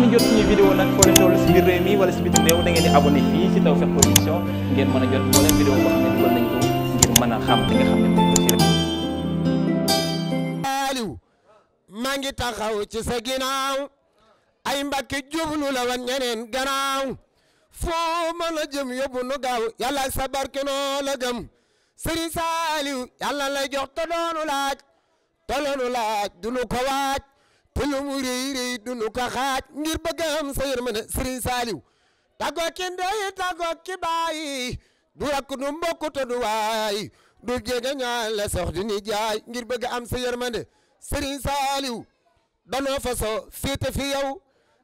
ngeen jot suñu vidéo nag foo leen toll si biir réew mi wala si biti réew da ngeen di abonné fii si Tawfekh Production ngeen mën a jot moo leen vidéo boo xam ne dugal nañ ko ngir mën a xam li nga xam ne moom la rek. Aliou maa ngi taxaw ci sa ginnaaw ay mbàkki jublu la wan ñeneen gannaaw foo mën a jëm yóbbu nu gaaw yàlla sa barke noo la gëm Serigne Saliou yàlla lay jox te doonu laaj te loonu laaj du nu ko waaj. te lu mu rëy rëy dunu ko xaaj ngir am sa yërmande Serigne Saliou tàggoo ki ndey tàggoo ki baay du rakk du mbokk te du waay du jege ñaan la sox di ni jaay ngir bëgg am sa yërmande Serigne Saliou danoo fasoo féete fi yow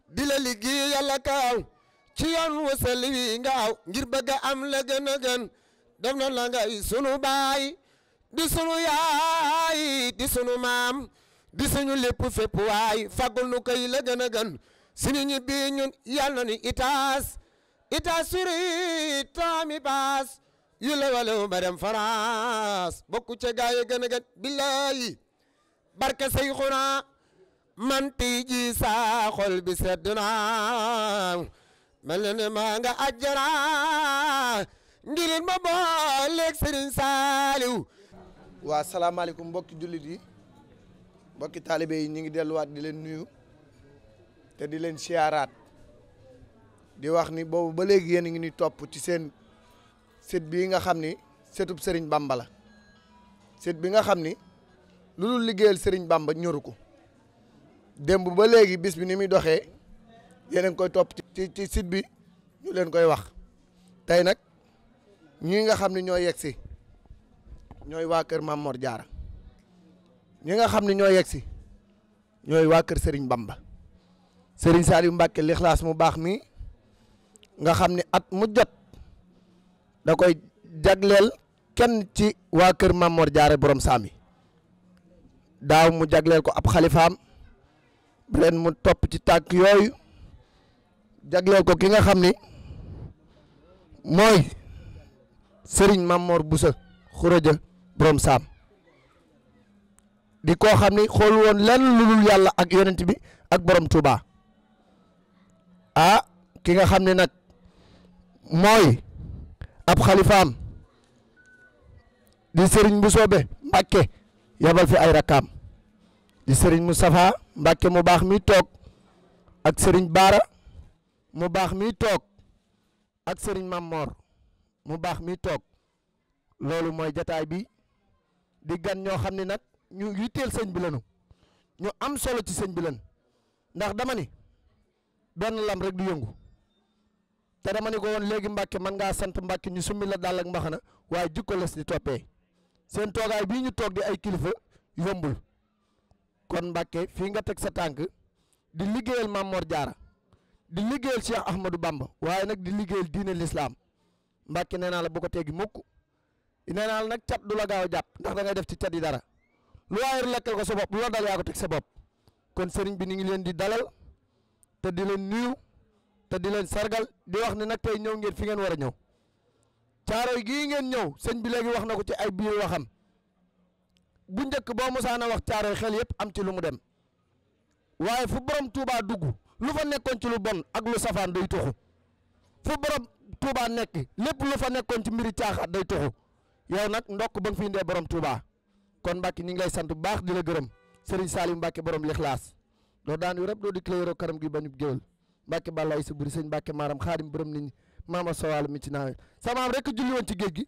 di la liggéey yàlla kaaw ci yoon wu sell wi nga aw am la gën a gën def na la ngay sunu baay di sunu yaay di sunu maam di suñu lépp fépp waay nu koy la gën a gën suñu ñibbi itaas itaas suri taami baas yu la walew ma dem bokku ca gaay yi gën a gën billaayi barke say xunaa man tey ji saa xol bi mel ne maa nga ajjana ngirin ma booleeg Sëriñ Saaliw waa salaamaaleykum mbokki jullit yi mbokki taalibe yi ñu ngi delluwaat di leen nuyu te di leen siyaaraat di wax ni boobu ba léegi yéen a ngi ni topp ci seen sët bii nga xam ni sëtub sëriñ Bamba la bi nga xam ni lu dul liggéeyal sëriñ Bamba ñoru ko démb ba léegi bis bi ni muy doxee yéen a ngi koy topp ci ci site bi ñu leen koy wax tey nag ñii nga xam ne ñoo yegg si ñooy waa kër Mamor Jaara ñi nga xam ne ñoo yegg si ñooy waa kër sëriñ Bamba Serigne Saliou Mbacke lixlaas mu baax mi nga xam ne at mu jot da koy jagleel kenn ci waa kër Mamor Jaare borom saami daaw mu jagleel ko ab xalifaam ren mu topp ci tànk yooyu jagleel ko ki nga xam ni mooy sëriñ Mamor Boussa Khourédia borom saam di koo xam ni xool woon lenn lu dul yàlla ak yonent bi ak borom Tuuba ah ki nga xam ne nag mooy ab xalifaam di sëriñ bu soobe Mbàkke yabal fi ay rakkaam di sëriñ safaa Mbàkke mu baax mi toog ak sëriñ Baara mu baax mi toog ak sëriñ Mamor mu baax mi toog loolu mooy jataay bi di gan ñoo xam ne nag ñu yitteel sëñ bi lanu ñu am solo ci sëñ bi leen ndax dama ni benn lam rek du yëngu te dama ni ko woon léegi mbàkke man ngaa sant mbàkke ñu summi la daal ak mbaxana waaye jikko les di toppee seen toogaay bii ñu toog di ay kilifa yombul kon mbàkke fii nga teg sa tànk di liggéeyal Maam Mor Jaara di liggéeyal Cheikh Ahmadou Bamba waaye nag di liggéeyal diine lislaam mbàkke nee naa la bu ko teggi mukk nee naa la nag cat du la gaaw jàpp ndax da ngay def ci cat yi dara lu waayar lekkal ko sa bopp lu la dal yaa ko teg sa bopp kon sëriñ bi ñu ngi leen di dalal te di leen nuyu te di leen sargal di wax ne nag tey ñëw ngeen fi ngeen war a ñëw caaroy gi ngeen ñëw sëñ bi léegi wax na ko ci ay biir waxam bu njëkk boo musaana wax caaroy xel yëpp am ci lu mu dem waaye fu borom Touba dugg lu fa nekkoon ci lu bon ak lu safaan day tuxu fu borom Touba nekk lépp lu fa nekkoon ci mbiri caaxaat day tuxu yow nag ndokk ba nga borom Touba. kon Mbacke ñu ngi lay sant bu baax di la gërëm Serigne Salim Mbacke borom lixlaas doo daan yu rëb doo dikk la yoroo kanam gi bañub géwél Mbacke bàllaay sa buri sëñ Mbacke maaram xaadim borom nit ñi maama sowaal mi ci naawe sa maam rek julli ci géej gi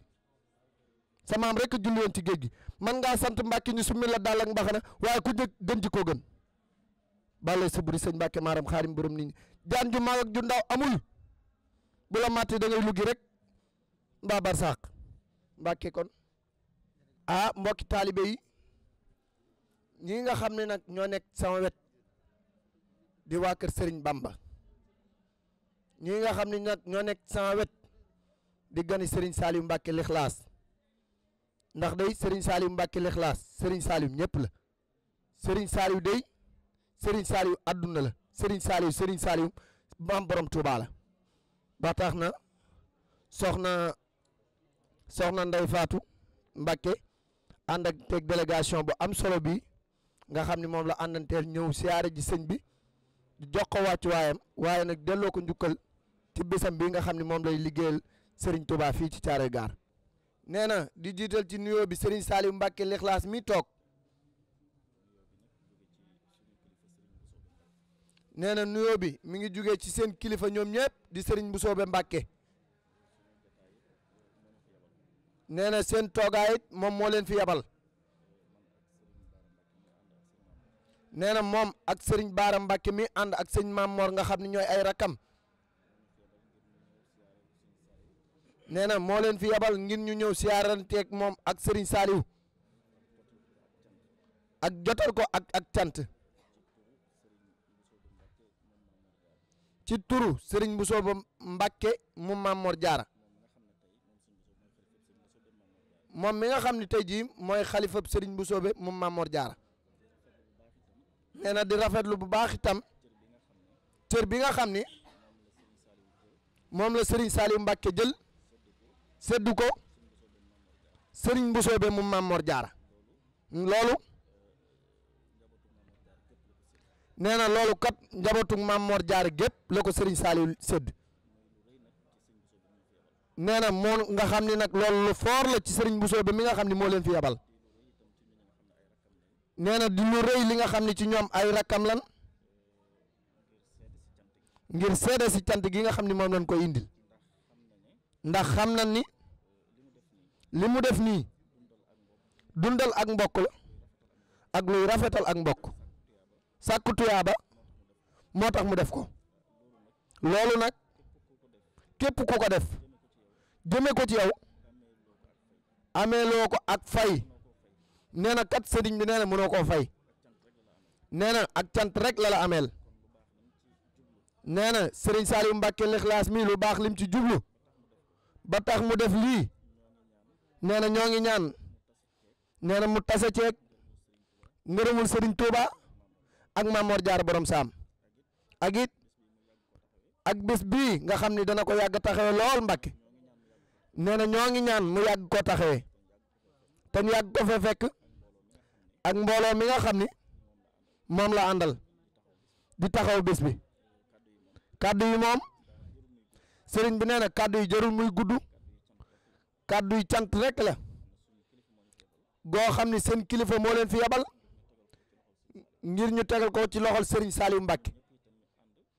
rek julli ci géej gi man ngaa sant Mbacke ñu summi la daal ak waaye ku njëkk gën ci koo gën bàllaay sa sëñ Mbacke maaram xaadim borom nit ñi jaan ju mag ak ju ndaw amul bu la màttee da luggi rek mbaa barsàq Mbacke kon ah mbokki taalibe yi ñi nga xam ne nag ñoo nekk sama wet di waa kër Serigne Bamba ñi nga xam ne nag ñoo nekk sama wet di gani Serigne Saliou Mbacke Lixlaas ndax day Serigne Saliou Mbacke Lixlaas Serigne saalim ñëpp la Serigne Saliou day Serigne Saliou àdduna la Serigne Saliou Serigne Saliou maam borom Touba la ba tax na soxna soxna Ndey Faatu Mbacke ànd ak teg délégation bu am solo bi nga xam ne moom la àndanteel ñëw siyaare ji sëñ bi di jox ko wàccu waayam waaye nag delloo ko njukkal ci bisam bi nga xam ne moom lay liggéeyal sëriñ Touba fii ci Thiaroye Gare nee na di jiital ci nuyoo bi Serigne Saliou Mbacke Likhlass mi toog nee na nuyoo bi mu ngi jóge ci seen kilifa ñoom ñëpp di Serigne Bousso Mbacke nee na seen toogaay moom moo leen fi yabal nee na moom ak sëriñ Baara Mbàkke mi ànd ak sëñ Maam nga xam ne ñooy ay rakkam nee na moo leen fi yabal ngir ñu ñëw siyaaranteeg moom ak sëriñ Saaliw ak jotal ko ak ak ci turu sëriñ bu Bousso mbakke mu Maam Jaara moom mi nga xam ni tey jii mooy xalifab sëriñ bu soobe moom mamoor Diarra nee na di rafetlu bu baax itam cër bi nga xam ni moom la Serigne Saliou Mbacke jël seddu ko sëriñ bu soobe moom Mamor Diarra loolu nee na loolu kat njabootu mamoor Diarra gépp la ko sëriñ Saliou sëdd nee na moo nga xam ni nag loolu lu foor la ci sëriñ Bousso ba mi nga xam ni moo leen fi yabal nee na di lu rëy li nga xam ni ci ñoom ay rakkam lan ngir seede si cant gi nga xam ni moom lañ koy indil ndax xam na ni li mu def nii dundal ak mbokk la ak luy rafetal ak mbokk sàkku tuyaaba moo tax mu def ko loolu nag képp ku ko def jëme ko ci yow amee loo ko ak fay nee na kat sëriñ bi nee na mënoo koo fay nee na ak cant rek lala la ameel nee na sëriñ Saliou Mbacke Likhlass mii lu baax lim ci jublu ba tax mu def lii nee na ñoo ngi ñaan nee na mu tase ceeg ngërëmul sëriñ Touba ak Mamor Diarra borom saam ak it ak bés bii nga xam ni dana ko yàgg taxawee lool Mbacke nee na ñoo ngi ñaan ko taxawee te ñu yàgg ko fa fekk ak mbooloo mi nga xam ni moom la àndal di taxaw bés bi kàddu yi moom sëriñ bi nee na kàddu yi jarul muy gudd kàddu yi cant rek la goo xam ni seen kilifa moo leen fi yabal ngir ñu tegal ko ci loxol sëriñ Saliou Mbacke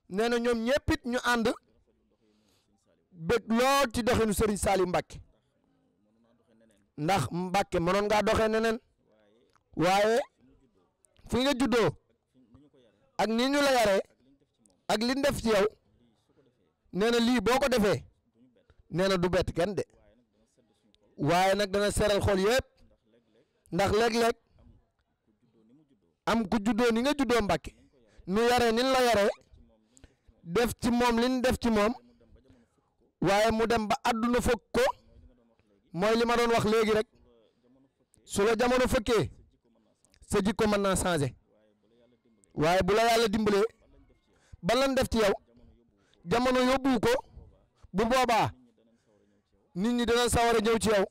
nee na ñoom ñëpp it ñu ànd bëgg lool ci doxinu Serigne Saliou Mbacke ndax Mbacke mënoon ngaa doxee neneen waaye fi nga juddoo ak ni ñu la yaree ak li def ci yow nee na lii boo ko defee nee na du bett kenn de waaye nag dana seral xol yépp ndax léeg-léeg am ku juddoo ni nga juddoo Mbacke nu yaree ni ñu la yaree def ci moom li def ci moom. waaye mu dem ba àdduna fëkk ko mooy li ma doon wax léegi rek su la jamono fëkkee sa jikko man naa changé waaye bu la yàlla dimbalee ba lañ def ci yow jamono yóbbu ko bu boobaa nit ñi dinañ sawar a ñëw ci yow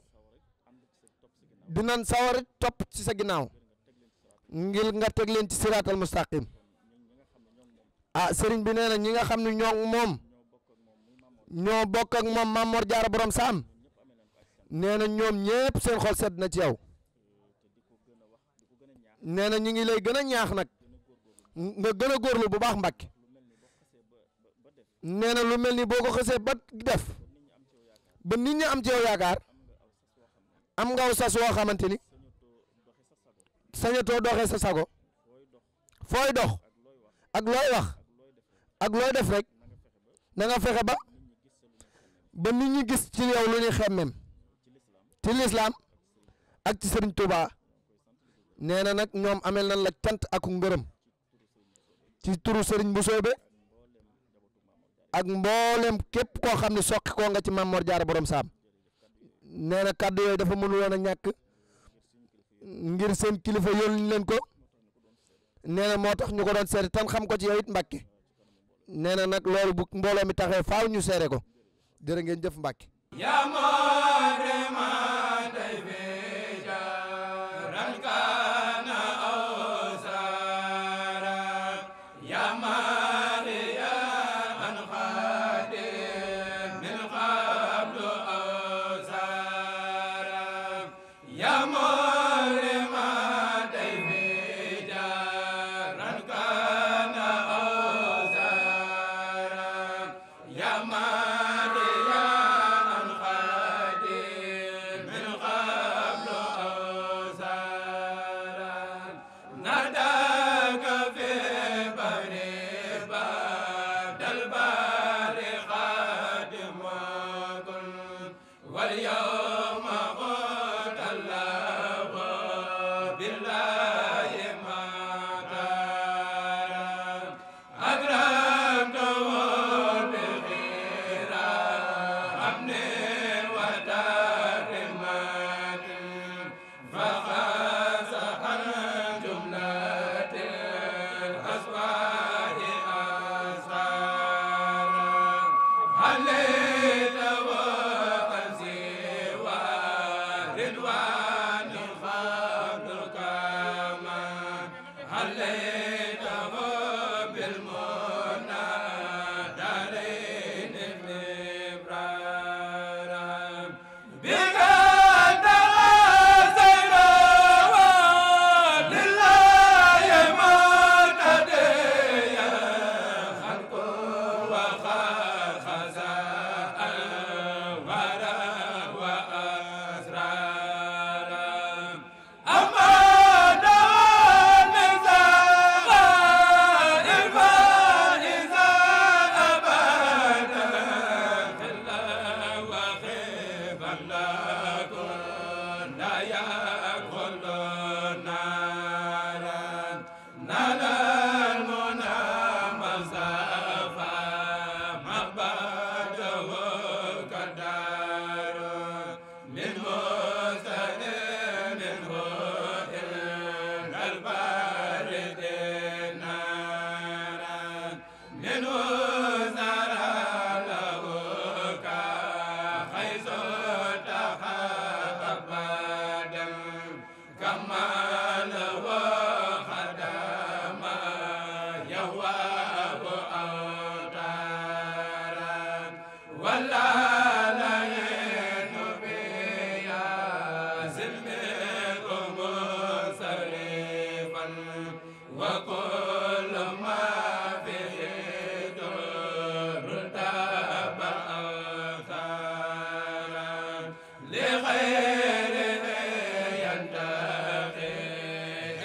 dinañ sawar a topp ci sa ginnaaw ngir nga teg leen ci siraatal mustaqim ah sëriñ bi nee na ñi nga xam ne ñoo moom. ñoo bokk ak moom Mame Mor a Borom Saam nee na ñoom ñépp seen xol sedd na ci yow nee na ñu ngi lay gën a ñaax nag nga gën a góorlu bu baax Mbàkke nee na lu mel ni boo ko xësee ba def ba nit ñi am ci yow yaakaar am nga aw sas woo xamante ni sañatoo doxee sa sago fooy dox ak looy wax ak looy def rek na nga fexe ba ba nit ñu gis ci yow lu ñuy xemmem ci lislaam ak ci sëriñ Touba nee na nag ñoom amee nañ la cant ak ngërëm ci turu sëriñ bu soobe ak mboolem képp koo xam ne soqi koo nga ci Mame jaar Diarra Borom Saam nee na kàddu yooyu dafa mënul woon a ñàkk ngir seen kilifa yónni leen ko nee na moo tax ñu ko doon seere tan xam ko ci yow it Mbàkke nee nag loolu bu mbooloo mi taxee faaw ñu seere ko jërë ngeen jëf Mbàkke